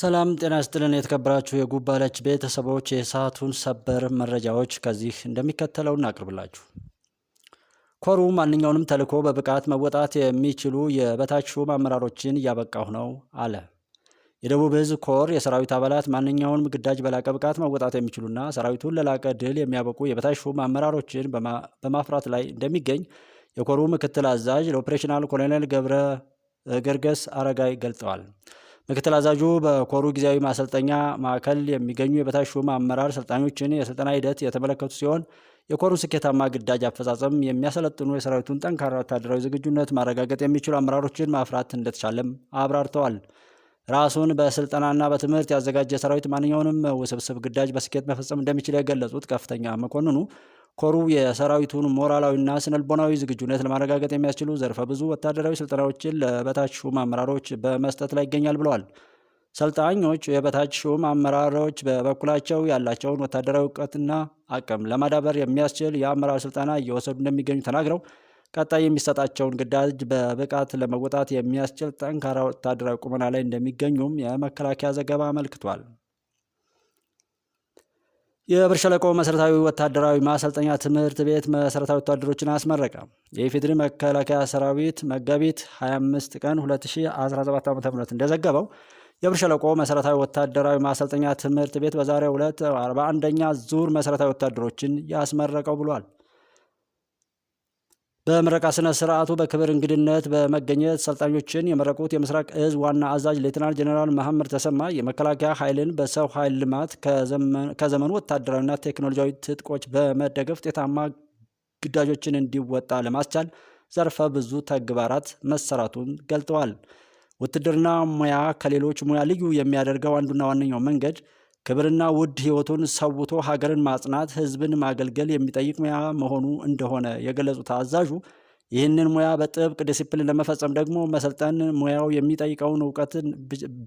ሰላም ጤና ስጥልን። የተከበራችሁ የጉባለች ቤተሰቦች የሰዓቱን ሰበር መረጃዎች ከዚህ እንደሚከተለው እናቅርብላችሁ። ኮሩ ማንኛውንም ተልዕኮ በብቃት መወጣት የሚችሉ የበታች ሹም አመራሮችን እያበቃሁ ነው አለ። የደቡብ ዕዝ ኮር የሰራዊት አባላት ማንኛውንም ግዳጅ በላቀ ብቃት መወጣት የሚችሉና ሰራዊቱን ለላቀ ድል የሚያበቁ የበታች ሹም አመራሮችን በማፍራት ላይ እንደሚገኝ የኮሩ ምክትል አዛዥ ለኦፕሬሽናል ኮሎኔል ገብረ ገርገስ አረጋይ ገልጠዋል። ምክትል አዛዡ በኮሩ ጊዜያዊ ማሰልጠኛ ማዕከል የሚገኙ የበታች ሹም አመራር ሰልጣኞችን የስልጠና ሂደት የተመለከቱ ሲሆን የኮሩ ስኬታማ ግዳጅ አፈጻጸም የሚያሰለጥኑ የሰራዊቱን ጠንካራ ወታደራዊ ዝግጁነት ማረጋገጥ የሚችሉ አመራሮችን ማፍራት እንደተቻለም አብራርተዋል። ራሱን በስልጠናና በትምህርት ያዘጋጀ ሰራዊት ማንኛውንም ውስብስብ ግዳጅ በስኬት መፈጸም እንደሚችል የገለጹት ከፍተኛ መኮንኑ ኮሩ የሰራዊቱን ሞራላዊና ስነልቦናዊ ዝግጁነት ለማረጋገጥ የሚያስችሉ ዘርፈ ብዙ ወታደራዊ ስልጠናዎችን ለበታች ሹም አመራሮች በመስጠት ላይ ይገኛል ብለዋል። ሰልጣኞች የበታች ሹም አመራሮች በበኩላቸው ያላቸውን ወታደራዊ እውቀትና አቅም ለማዳበር የሚያስችል የአመራር ስልጠና እየወሰዱ እንደሚገኙ ተናግረው ቀጣይ የሚሰጣቸውን ግዳጅ በብቃት ለመወጣት የሚያስችል ጠንካራ ወታደራዊ ቁመና ላይ እንደሚገኙም የመከላከያ ዘገባ አመልክቷል። የብር ሸለቆ መሰረታዊ ወታደራዊ ማሰልጠኛ ትምህርት ቤት መሰረታዊ ወታደሮችን አስመረቀ። የኢፌድሪ መከላከያ ሰራዊት መጋቢት 25 ቀን 2017 ዓ ም እንደዘገበው የብር ሸለቆ መሰረታዊ ወታደራዊ ማሰልጠኛ ትምህርት ቤት በዛሬው ዕለት 41ኛ ዙር መሰረታዊ ወታደሮችን ያስመረቀው ብሏል። በምረቃ ስነ ስርዓቱ በክብር እንግድነት በመገኘት ሰልጣኞችን የመረቁት የምስራቅ እዝ ዋና አዛዥ ሌትናንት ጀኔራል መሐመድ ተሰማ የመከላከያ ኃይልን በሰው ኃይል ልማት ከዘመኑ ወታደራዊና ቴክኖሎጂያዊ ትጥቆች በመደገፍ ውጤታማ ግዳጆችን እንዲወጣ ለማስቻል ዘርፈ ብዙ ተግባራት መሰራቱን ገልጠዋል። ውትድርና ሙያ ከሌሎች ሙያ ልዩ የሚያደርገው አንዱና ዋነኛው መንገድ ክብርና ውድ ሕይወቱን ሰውቶ ሀገርን ማጽናት፣ ሕዝብን ማገልገል የሚጠይቅ ሙያ መሆኑ እንደሆነ የገለጹት አዛዡ ይህንን ሙያ በጥብቅ ዲሲፕሊን ለመፈጸም ደግሞ መሰልጠን፣ ሙያው የሚጠይቀውን እውቀትን፣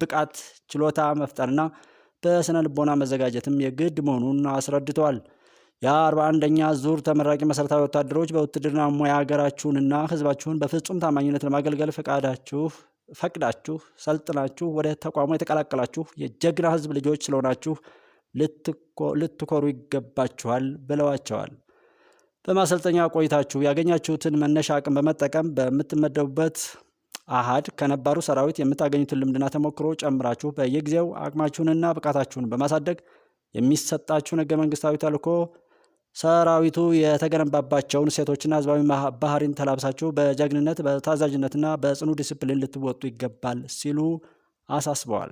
ብቃት፣ ችሎታ መፍጠርና በስነ ልቦና መዘጋጀትም የግድ መሆኑን አስረድተዋል። የአርባ አንደኛ ዙር ተመራቂ መሰረታዊ ወታደሮች በውትድርና ሙያ ሀገራችሁንና ህዝባችሁን በፍጹም ታማኝነት ለማገልገል ፈቃዳችሁ ፈቅዳችሁ ሰልጥናችሁ ወደ ተቋሙ የተቀላቀላችሁ የጀግና ህዝብ ልጆች ስለሆናችሁ ልትኮሩ ይገባችኋል ብለዋቸዋል። በማሰልጠኛ ቆይታችሁ ያገኛችሁትን መነሻ አቅም በመጠቀም በምትመደቡበት አሃድ ከነባሩ ሰራዊት የምታገኙትን ልምድና ተሞክሮ ጨምራችሁ በየጊዜው አቅማችሁንና ብቃታችሁን በማሳደግ የሚሰጣችሁን ህገ መንግስታዊ ተልዕኮ ሰራዊቱ የተገነባባቸውን ሴቶችና ህዝባዊ ባህሪን ተላብሳችሁ በጀግንነት በታዛዥነትና በጽኑ ዲስፕሊን ልትወጡ ይገባል ሲሉ አሳስበዋል።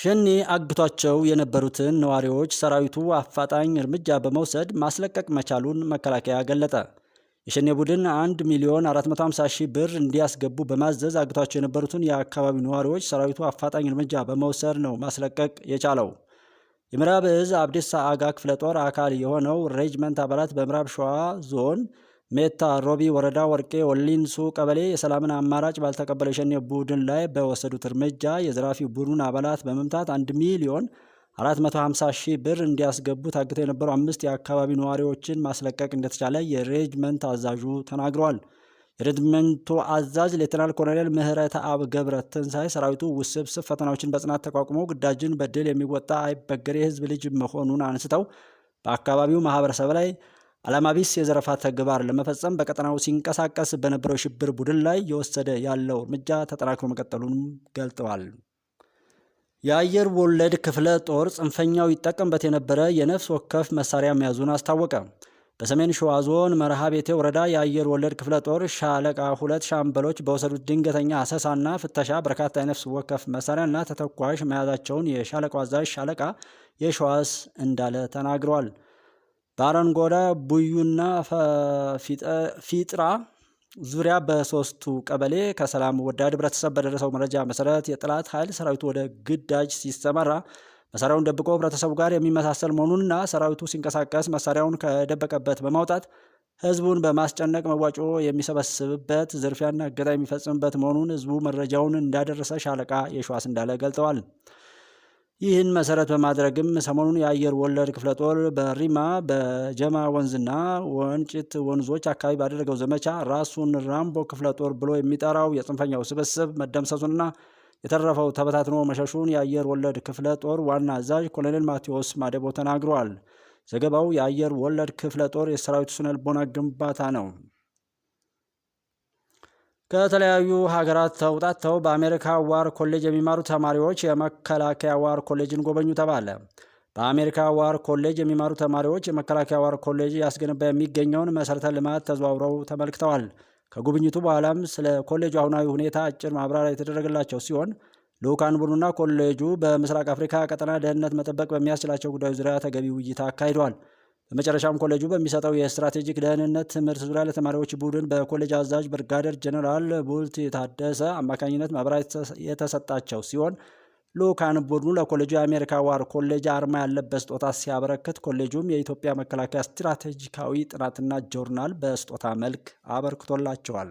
ሸኒ አግቷቸው የነበሩትን ነዋሪዎች ሰራዊቱ አፋጣኝ እርምጃ በመውሰድ ማስለቀቅ መቻሉን መከላከያ ገለጠ። የሸኔ ቡድን 1 ሚሊዮን 450 ሺህ ብር እንዲያስገቡ በማዘዝ አግቷቸው የነበሩትን የአካባቢው ነዋሪዎች ሰራዊቱ አፋጣኝ እርምጃ በመውሰድ ነው ማስለቀቅ የቻለው። የምዕራብ እዝ አብዲሳ አጋ ክፍለ ጦር አካል የሆነው ሬጅመንት አባላት በምዕራብ ሸዋ ዞን ሜታ ሮቢ ወረዳ ወርቄ ወሊንሱ ቀበሌ የሰላምን አማራጭ ባልተቀበለው የሸኔ ቡድን ላይ በወሰዱት እርምጃ የዘራፊ ቡድኑን አባላት በመምታት አንድ ሚሊዮን 450 ሺህ ብር እንዲያስገቡ ታግተው የነበሩ አምስት የአካባቢ ነዋሪዎችን ማስለቀቅ እንደተቻለ የሬጅመንት አዛዡ ተናግረዋል። የሬጅመንቱ አዛዥ ሌተናል ኮሎኔል ምህረተ አብ ገብረ ትንሳኤ ሰራዊቱ ውስብስብ ፈተናዎችን በጽናት ተቋቁሞ ግዳጅን በድል የሚወጣ አይበገር የህዝብ ልጅ መሆኑን አንስተው በአካባቢው ማህበረሰብ ላይ አላማቢስ የዘረፋ ተግባር ለመፈጸም በቀጠናው ሲንቀሳቀስ በነበረው ሽብር ቡድን ላይ የወሰደ ያለው እርምጃ ተጠናክሮ መቀጠሉንም ገልጠዋል። የአየር ወለድ ክፍለ ጦር ጽንፈኛው ይጠቀምበት የነበረ የነፍስ ወከፍ መሳሪያ መያዙን አስታወቀ። በሰሜን ሸዋ ዞን መርሃ ቤቴ ወረዳ የአየር ወለድ ክፍለ ጦር ሻለቃ ሁለት ሻምበሎች በወሰዱት ድንገተኛ አሰሳና ፍተሻ በርካታ የነፍስ ወከፍ መሳሪያና ተተኳሽ መያዛቸውን የሻለቃው አዛዥ ሻለቃ የሸዋስ እንዳለ ተናግሯል። በአረንጎዳ ቡዩና ፊጥራ ዙሪያ በሶስቱ ቀበሌ ከሰላም ወዳድ ህብረተሰብ በደረሰው መረጃ መሰረት የጠላት ኃይል ሰራዊቱ ወደ ግዳጅ ሲሰማራ መሳሪያውን ደብቆ ህብረተሰቡ ጋር የሚመሳሰል መሆኑንና ሰራዊቱ ሲንቀሳቀስ መሳሪያውን ከደበቀበት በማውጣት ህዝቡን በማስጨነቅ መዋጮ የሚሰበስብበት ዝርፊያና እገታ የሚፈጽምበት መሆኑን ህዝቡ መረጃውን እንዳደረሰ ሻለቃ የሸዋስ እንዳለ ገልጠዋል። ይህን መሰረት በማድረግም ሰሞኑን የአየር ወለድ ክፍለ ጦር በሪማ በጀማ ወንዝና ወንጭት ወንዞች አካባቢ ባደረገው ዘመቻ ራሱን ራምቦ ክፍለ ጦር ብሎ የሚጠራው የጽንፈኛው ስብስብ መደምሰሱንና የተረፈው ተበታትኖ መሸሹን የአየር ወለድ ክፍለ ጦር ዋና አዛዥ ኮሎኔል ማቴዎስ ማደቦ ተናግረዋል። ዘገባው የአየር ወለድ ክፍለ ጦር የሰራዊቱ ልቦና ግንባታ ነው። ከተለያዩ ሀገራት ተውጣተው በአሜሪካ ዋር ኮሌጅ የሚማሩ ተማሪዎች የመከላከያ ዋር ኮሌጅን ጎበኙ ተባለ። በአሜሪካ ዋር ኮሌጅ የሚማሩ ተማሪዎች የመከላከያ ዋር ኮሌጅ ያስገነባ የሚገኘውን መሰረተ ልማት ተዘዋውረው ተመልክተዋል። ከጉብኝቱ በኋላም ስለ ኮሌጁ አሁናዊ ሁኔታ አጭር ማብራሪያ የተደረገላቸው ሲሆን ልዑካን ቡድኑና ኮሌጁ በምስራቅ አፍሪካ ቀጠና ደህንነት መጠበቅ በሚያስችላቸው ጉዳዮች ዙሪያ ተገቢ ውይይት አካሂደዋል። በመጨረሻም ኮሌጁ በሚሰጠው የስትራቴጂክ ደህንነት ትምህርት ዙሪያ ለተማሪዎች ቡድን በኮሌጅ አዛዥ ብርጋደር ጀኔራል ቡልት ታደሰ አማካኝነት ማብራሪያ የተሰጣቸው ሲሆን ልዑካን ቡድኑ ለኮሌጁ የአሜሪካ ዋር ኮሌጅ አርማ ያለበት ስጦታ ሲያበረክት ኮሌጁም የኢትዮጵያ መከላከያ ስትራቴጂካዊ ጥናትና ጆርናል በስጦታ መልክ አበርክቶላቸዋል።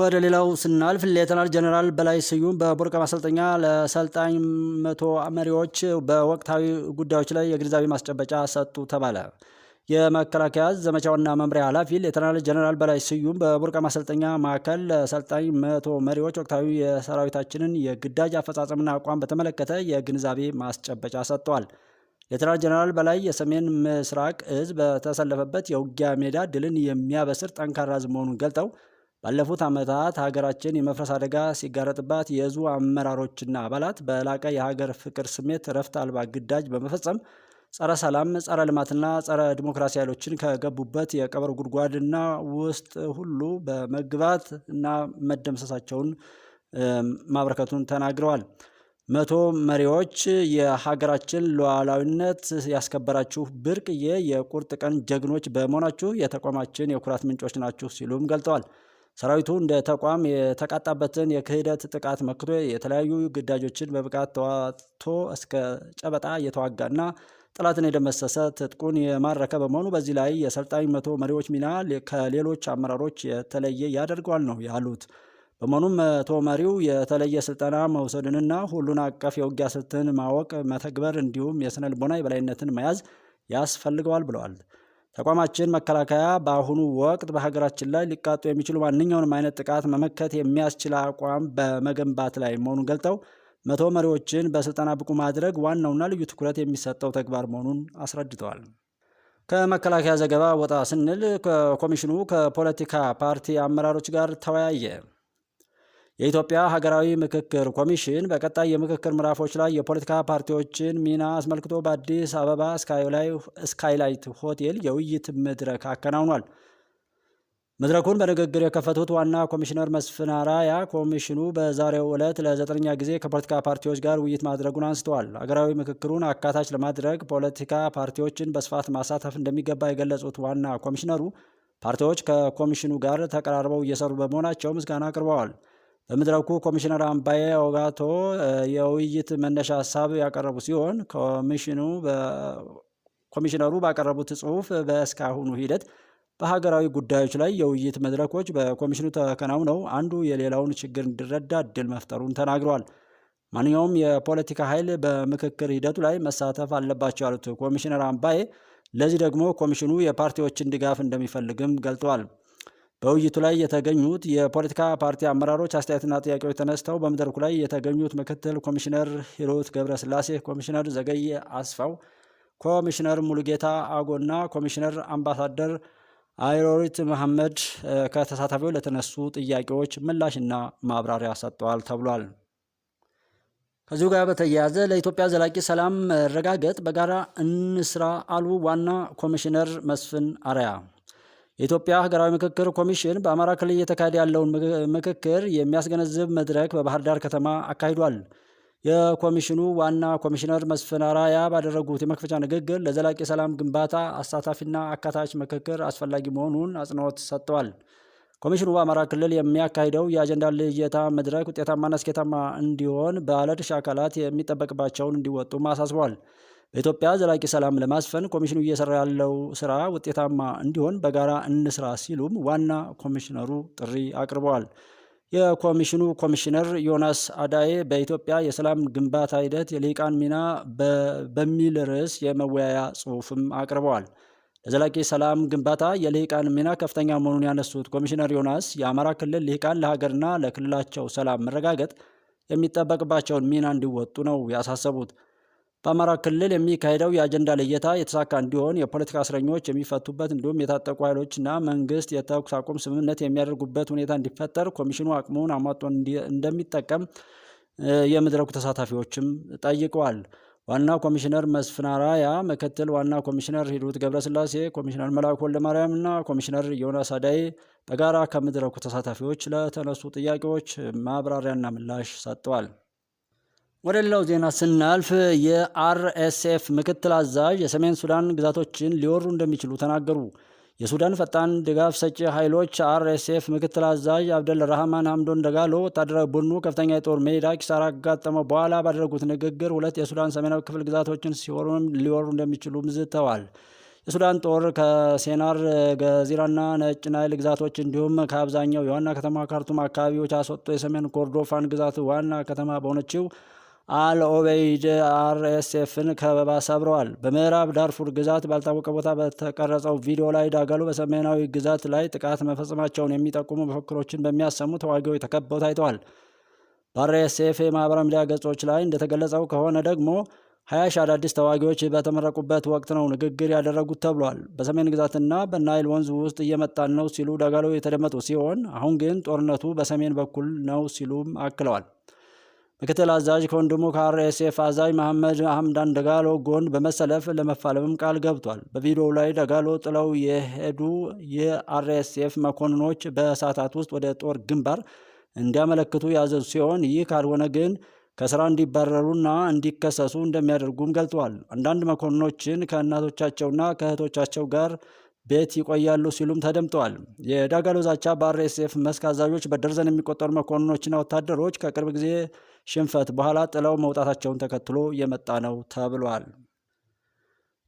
ወደ ሌላው ስናልፍ ሌተናል ጀኔራል በላይ ስዩም በቦርቀ ማሰልጠኛ ለሰልጣኝ መቶ መሪዎች በወቅታዊ ጉዳዮች ላይ የግንዛቤ ማስጨበጫ ሰጡ ተባለ። የመከላከያ ዘመቻውና መምሪያ ኃላፊ ሌተናል ጀነራል በላይ ስዩም በቡርቃ ማሰልጠኛ ማዕከል ሰልጣኝ መቶ መሪዎች ወቅታዊ የሰራዊታችንን የግዳጅ አፈጻጸምና አቋም በተመለከተ የግንዛቤ ማስጨበጫ ሰጥቷል። ሌተናል ጀነራል በላይ የሰሜን ምስራቅ እዝ በተሰለፈበት የውጊያ ሜዳ ድልን የሚያበስር ጠንካራ እዝ መሆኑን ገልጠው ባለፉት ዓመታት ሀገራችን የመፍረስ አደጋ ሲጋረጥባት የእዙ አመራሮችና አባላት በላቀ የሀገር ፍቅር ስሜት ረፍት አልባ ግዳጅ በመፈጸም ጸረ ሰላም፣ ጸረ ልማትና ጸረ ዲሞክራሲ ኃይሎችን ከገቡበት የቀብር ጉድጓድና ውስጥ ሁሉ በመግባት እና መደምሰሳቸውን ማበረከቱን ተናግረዋል። መቶ መሪዎች የሀገራችን ሉዓላዊነት ያስከበራችሁ ብርቅዬ የቁርጥ ቀን ጀግኖች በመሆናችሁ የተቋማችን የኩራት ምንጮች ናችሁ ሲሉም ገልጠዋል። ሰራዊቱ እንደ ተቋም የተቃጣበትን የክህደት ጥቃት መክቶ የተለያዩ ግዳጆችን በብቃት ተዋጥቶ እስከ ጨበጣ እየተዋጋና ጠላትን የደመሰሰ ትጥቁን የማረከ በመሆኑ በዚህ ላይ የሰልጣኝ መቶ መሪዎች ሚና ከሌሎች አመራሮች የተለየ ያደርገዋል ነው ያሉት። በመሆኑም መቶ መሪው የተለየ ስልጠና መውሰድንና ሁሉን አቀፍ የውጊያ ስልትን ማወቅ፣ መተግበር እንዲሁም የስነ ልቦና የበላይነትን መያዝ ያስፈልገዋል ብለዋል። ተቋማችን መከላከያ በአሁኑ ወቅት በሀገራችን ላይ ሊቃጡ የሚችሉ ማንኛውንም አይነት ጥቃት መመከት የሚያስችል አቋም በመገንባት ላይ መሆኑን ገልጠው መቶ መሪዎችን በስልጠና ብቁ ማድረግ ዋናውና ልዩ ትኩረት የሚሰጠው ተግባር መሆኑን አስረድተዋል። ከመከላከያ ዘገባ ወጣ ስንል ኮሚሽኑ ከፖለቲካ ፓርቲ አመራሮች ጋር ተወያየ። የኢትዮጵያ ሀገራዊ ምክክር ኮሚሽን በቀጣይ የምክክር ምዕራፎች ላይ የፖለቲካ ፓርቲዎችን ሚና አስመልክቶ በአዲስ አበባ ስካይላይት ሆቴል የውይይት መድረክ አከናውኗል። መድረኩን በንግግር የከፈቱት ዋና ኮሚሽነር መስፍን አራያ ኮሚሽኑ በዛሬው ዕለት ለዘጠነኛ ጊዜ ከፖለቲካ ፓርቲዎች ጋር ውይይት ማድረጉን አንስተዋል። አገራዊ ምክክሩን አካታች ለማድረግ ፖለቲካ ፓርቲዎችን በስፋት ማሳተፍ እንደሚገባ የገለጹት ዋና ኮሚሽነሩ ፓርቲዎች ከኮሚሽኑ ጋር ተቀራርበው እየሰሩ በመሆናቸው ምስጋና አቅርበዋል። በመድረኩ ኮሚሽነር አምባዬ ኦጋቶ የውይይት መነሻ ሀሳብ ያቀረቡ ሲሆን ኮሚሽነሩ ባቀረቡት ጽሑፍ በእስካሁኑ ሂደት በሀገራዊ ጉዳዮች ላይ የውይይት መድረኮች በኮሚሽኑ ተከናውነው አንዱ የሌላውን ችግር እንዲረዳ እድል መፍጠሩን ተናግረዋል። ማንኛውም የፖለቲካ ኃይል በምክክር ሂደቱ ላይ መሳተፍ አለባቸው ያሉት ኮሚሽነር አምባዬ ለዚህ ደግሞ ኮሚሽኑ የፓርቲዎችን ድጋፍ እንደሚፈልግም ገልጠዋል። በውይይቱ ላይ የተገኙት የፖለቲካ ፓርቲ አመራሮች አስተያየትና ጥያቄዎች ተነስተው በመድረኩ ላይ የተገኙት ምክትል ኮሚሽነር ሂሩት ገብረስላሴ፣ ኮሚሽነር ዘገየ አስፋው፣ ኮሚሽነር ሙሉጌታ አጎና ኮሚሽነር አምባሳደር አይሮሪት መሐመድ ከተሳታፊው ለተነሱ ጥያቄዎች ምላሽና ማብራሪያ ሰጥተዋል ተብሏል። ከዚሁ ጋር በተያያዘ ለኢትዮጵያ ዘላቂ ሰላም መረጋገጥ በጋራ እንስራ አሉ ዋና ኮሚሽነር መስፍን አርያ። የኢትዮጵያ ሀገራዊ ምክክር ኮሚሽን በአማራ ክልል እየተካሄደ ያለውን ምክክር የሚያስገነዝብ መድረክ በባህር ዳር ከተማ አካሂዷል። የኮሚሽኑ ዋና ኮሚሽነር መስፍን አራያ ባደረጉት የመክፈቻ ንግግር ለዘላቂ ሰላም ግንባታ አሳታፊና አካታች ምክክር አስፈላጊ መሆኑን አጽንኦት ሰጥተዋል። ኮሚሽኑ በአማራ ክልል የሚያካሂደው የአጀንዳ ልየታ መድረክ ውጤታማና ስኬታማ እንዲሆን ባለድርሻ አካላት የሚጠበቅባቸውን እንዲወጡም አሳስቧል። በኢትዮጵያ ዘላቂ ሰላም ለማስፈን ኮሚሽኑ እየሰራ ያለው ስራ ውጤታማ እንዲሆን በጋራ እንስራ ሲሉም ዋና ኮሚሽነሩ ጥሪ አቅርበዋል። የኮሚሽኑ ኮሚሽነር ዮናስ አዳዬ በኢትዮጵያ የሰላም ግንባታ ሂደት የሊቃን ሚና በሚል ርዕስ የመወያያ ጽሑፍም አቅርበዋል። ለዘላቂ ሰላም ግንባታ የልሂቃን ሚና ከፍተኛ መሆኑን ያነሱት ኮሚሽነር ዮናስ የአማራ ክልል ልሂቃን ለሀገርና ለክልላቸው ሰላም መረጋገጥ የሚጠበቅባቸውን ሚና እንዲወጡ ነው ያሳሰቡት። በአማራ ክልል የሚካሄደው የአጀንዳ ልየታ የተሳካ እንዲሆን የፖለቲካ እስረኞች የሚፈቱበት እንዲሁም የታጠቁ ኃይሎችና መንግስት የተኩስ አቁም ስምምነት የሚያደርጉበት ሁኔታ እንዲፈጠር ኮሚሽኑ አቅሙን አሟጦ እንደሚጠቀም የመድረኩ ተሳታፊዎችም ጠይቀዋል። ዋና ኮሚሽነር መስፍን አራያ፣ ምክትል ዋና ኮሚሽነር ሂሩት ገብረስላሴ፣ ኮሚሽነር መላኩ ወልደማርያም እና ኮሚሽነር ዮናስ አዳይ በጋራ ከመድረኩ ተሳታፊዎች ለተነሱ ጥያቄዎች ማብራሪያና ምላሽ ሰጥተዋል። ወደ ሌላው ዜና ስናልፍ የአርኤስኤፍ ምክትል አዛዥ የሰሜን ሱዳን ግዛቶችን ሊወሩ እንደሚችሉ ተናገሩ። የሱዳን ፈጣን ድጋፍ ሰጪ ኃይሎች አርኤስኤፍ ምክትል አዛዥ አብደል ረህማን ሐምዶን ደጋሎ ወታደራዊ ቡድኑ ከፍተኛ የጦር ሜዳ ኪሳራ አጋጠመ በኋላ ባደረጉት ንግግር ሁለት የሱዳን ሰሜናዊ ክፍል ግዛቶችን ሲወሩም ሊወሩ እንደሚችሉ ምዝተዋል። የሱዳን ጦር ከሴናር ገዚራና ነጭ ናይል ግዛቶች እንዲሁም ከአብዛኛው የዋና ከተማ ካርቱም አካባቢዎች አስወጥቶ የሰሜን ኮርዶፋን ግዛት ዋና ከተማ በሆነችው አልኦበይድ አርኤስኤፍን ከበባ ሰብረዋል። በምዕራብ ዳርፉር ግዛት ባልታወቀ ቦታ በተቀረጸው ቪዲዮ ላይ ዳገሉ በሰሜናዊ ግዛት ላይ ጥቃት መፈጸማቸውን የሚጠቁሙ መፈክሮችን በሚያሰሙ ተዋጊዎች ተከበው ታይተዋል። በአርኤስኤፍ የማህበራዊ ሚዲያ ገጾች ላይ እንደተገለጸው ከሆነ ደግሞ ሀያ ሺህ አዳዲስ ተዋጊዎች በተመረቁበት ወቅት ነው ንግግር ያደረጉት ተብሏል። በሰሜን ግዛትና በናይል ወንዝ ውስጥ እየመጣን ነው ሲሉ ዳጋሎ የተደመጡ ሲሆን አሁን ግን ጦርነቱ በሰሜን በኩል ነው ሲሉም አክለዋል። ምክትል አዛዥ ከወንድሙ ከአርኤስኤፍ አዛዥ መሐመድ ሐምዳን ደጋሎ ጎን በመሰለፍ ለመፋለምም ቃል ገብቷል። በቪዲዮው ላይ ደጋሎ ጥለው የሄዱ የአርኤስኤፍ መኮንኖች በሰዓታት ውስጥ ወደ ጦር ግንባር እንዲያመለክቱ ያዘዙ ሲሆን ይህ ካልሆነ ግን ከስራ እንዲባረሩና እንዲከሰሱ እንደሚያደርጉም ገልጠዋል። አንዳንድ መኮንኖችን ከእናቶቻቸውና ከእህቶቻቸው ጋር ቤት ይቆያሉ ሲሉም ተደምጠዋል። የዳጋሎ ዛቻ በአርኤስኤፍ መስክ አዛዦች በደርዘን የሚቆጠሩ መኮንኖችና ወታደሮች ከቅርብ ጊዜ ሽንፈት በኋላ ጥለው መውጣታቸውን ተከትሎ የመጣ ነው ተብሏል።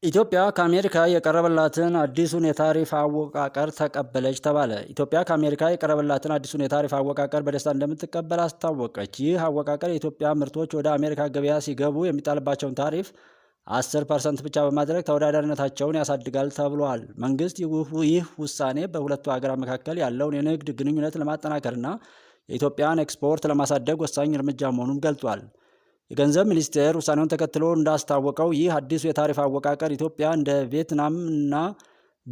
ኢትዮጵያ ከአሜሪካ የቀረበላትን አዲሱን የታሪፍ አወቃቀር ተቀበለች ተባለ። ኢትዮጵያ ከአሜሪካ የቀረበላትን አዲሱን የታሪፍ አወቃቀር በደስታ እንደምትቀበል አስታወቀች። ይህ አወቃቀር የኢትዮጵያ ምርቶች ወደ አሜሪካ ገበያ ሲገቡ የሚጣልባቸውን ታሪፍ አስር ፐርሰንት ብቻ በማድረግ ተወዳዳሪነታቸውን ያሳድጋል ተብሏል። መንግስት ይህ ውሳኔ በሁለቱ ሀገራት መካከል ያለውን የንግድ ግንኙነት ለማጠናከርና የኢትዮጵያን ኤክስፖርት ለማሳደግ ወሳኝ እርምጃ መሆኑን ገልጧል። የገንዘብ ሚኒስቴር ውሳኔውን ተከትሎ እንዳስታወቀው ይህ አዲሱ የታሪፍ አወቃቀር ኢትዮጵያ እንደ ቪየትናም እና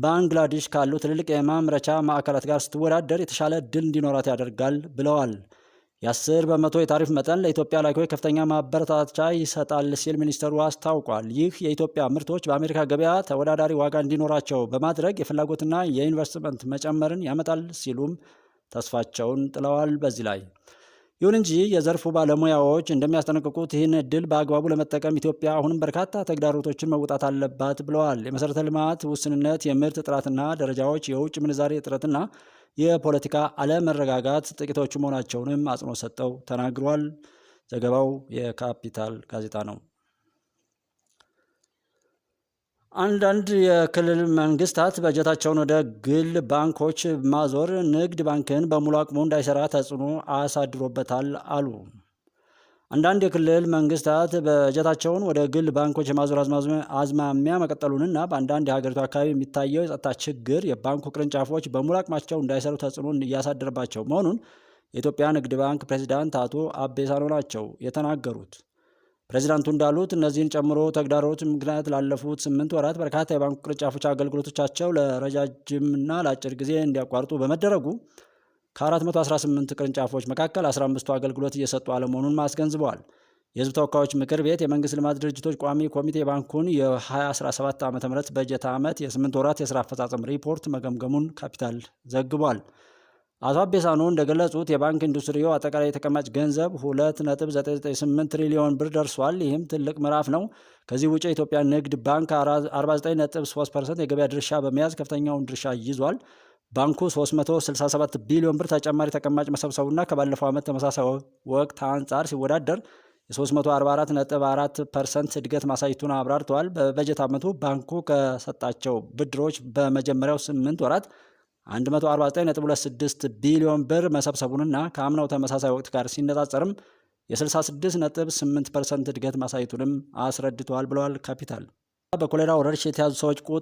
ባንግላዴሽ ካሉ ትልልቅ የማምረቻ ማዕከላት ጋር ስትወዳደር የተሻለ ድል እንዲኖራት ያደርጋል ብለዋል። የአስር በመቶ የታሪፍ መጠን ለኢትዮጵያ ላኪዎች ከፍተኛ ማበረታቻ ይሰጣል ሲል ሚኒስተሩ አስታውቋል። ይህ የኢትዮጵያ ምርቶች በአሜሪካ ገበያ ተወዳዳሪ ዋጋ እንዲኖራቸው በማድረግ የፍላጎትና የኢንቨስትመንት መጨመርን ያመጣል ሲሉም ተስፋቸውን ጥለዋል። በዚህ ላይ ይሁን እንጂ የዘርፉ ባለሙያዎች እንደሚያስጠነቅቁት ይህን እድል በአግባቡ ለመጠቀም ኢትዮጵያ አሁንም በርካታ ተግዳሮቶችን መውጣት አለባት ብለዋል። የመሠረተ ልማት ውስንነት፣ የምርት ጥራትና ደረጃዎች፣ የውጭ ምንዛሬ እጥረትና የፖለቲካ አለመረጋጋት ጥቂቶቹ መሆናቸውንም አጽንኦት ሰጠው ተናግሯል። ዘገባው የካፒታል ጋዜጣ ነው። አንዳንድ የክልል መንግስታት በጀታቸውን ወደ ግል ባንኮች ማዞር ንግድ ባንክን በሙሉ አቅሙ እንዳይሰራ ተጽዕኖ አሳድሮበታል አሉ። አንዳንድ የክልል መንግስታት በጀታቸውን ወደ ግል ባንኮች የማዞር አዝማሚያ መቀጠሉንና በአንዳንድ የሀገሪቱ አካባቢ የሚታየው የጸጥታ ችግር የባንኩ ቅርንጫፎች በሙሉ አቅማቸው እንዳይሰሩ ተጽዕኖን እያሳደረባቸው መሆኑን የኢትዮጵያ ንግድ ባንክ ፕሬዚዳንት አቶ አቤሳኖ ናቸው የተናገሩት። ፕሬዚዳንቱ እንዳሉት እነዚህን ጨምሮ ተግዳሮት ምክንያት ላለፉት ስምንት ወራት በርካታ የባንኩ ቅርንጫፎች አገልግሎቶቻቸው ለረጃጅምና ለአጭር ጊዜ እንዲያቋርጡ በመደረጉ ከ418 ቅርንጫፎች መካከል 15ቱ አገልግሎት እየሰጡ አለመሆኑን አስገንዝበዋል። የህዝብ ተወካዮች ምክር ቤት የመንግስት ልማት ድርጅቶች ቋሚ ኮሚቴ ባንኩን የ2017 ዓ ም በጀት ዓመት የ8 ወራት የሥራ አፈጻጸም ሪፖርት መገምገሙን ካፒታል ዘግቧል። አቶ አቤሳኖ እንደገለጹት የባንክ ኢንዱስትሪው አጠቃላይ የተቀማጭ ገንዘብ 2.998 ትሪሊዮን ብር ደርሷል። ይህም ትልቅ ምዕራፍ ነው። ከዚህ ውጭ የኢትዮጵያ ንግድ ባንክ 49.3 የገበያ ድርሻ በመያዝ ከፍተኛውን ድርሻ ይዟል። ባንኩ 367 ቢሊዮን ብር ተጨማሪ ተቀማጭ መሰብሰቡና ከባለፈው ዓመት ተመሳሳይ ወቅት አንጻር ሲወዳደር የ344.4 ፐርሰንት እድገት ማሳየቱን አብራርተዋል። በበጀት ዓመቱ ባንኩ ከሰጣቸው ብድሮች በመጀመሪያው 8 ወራት 149.26 ቢሊዮን ብር መሰብሰቡንና ከአምናው ተመሳሳይ ወቅት ጋር ሲነጻጸርም የ66.8 ፐርሰንት እድገት ማሳየቱንም አስረድተዋል ብለዋል። ካፒታል በኮሌራ ወረርሽ የተያዙ ሰዎች ቁጥር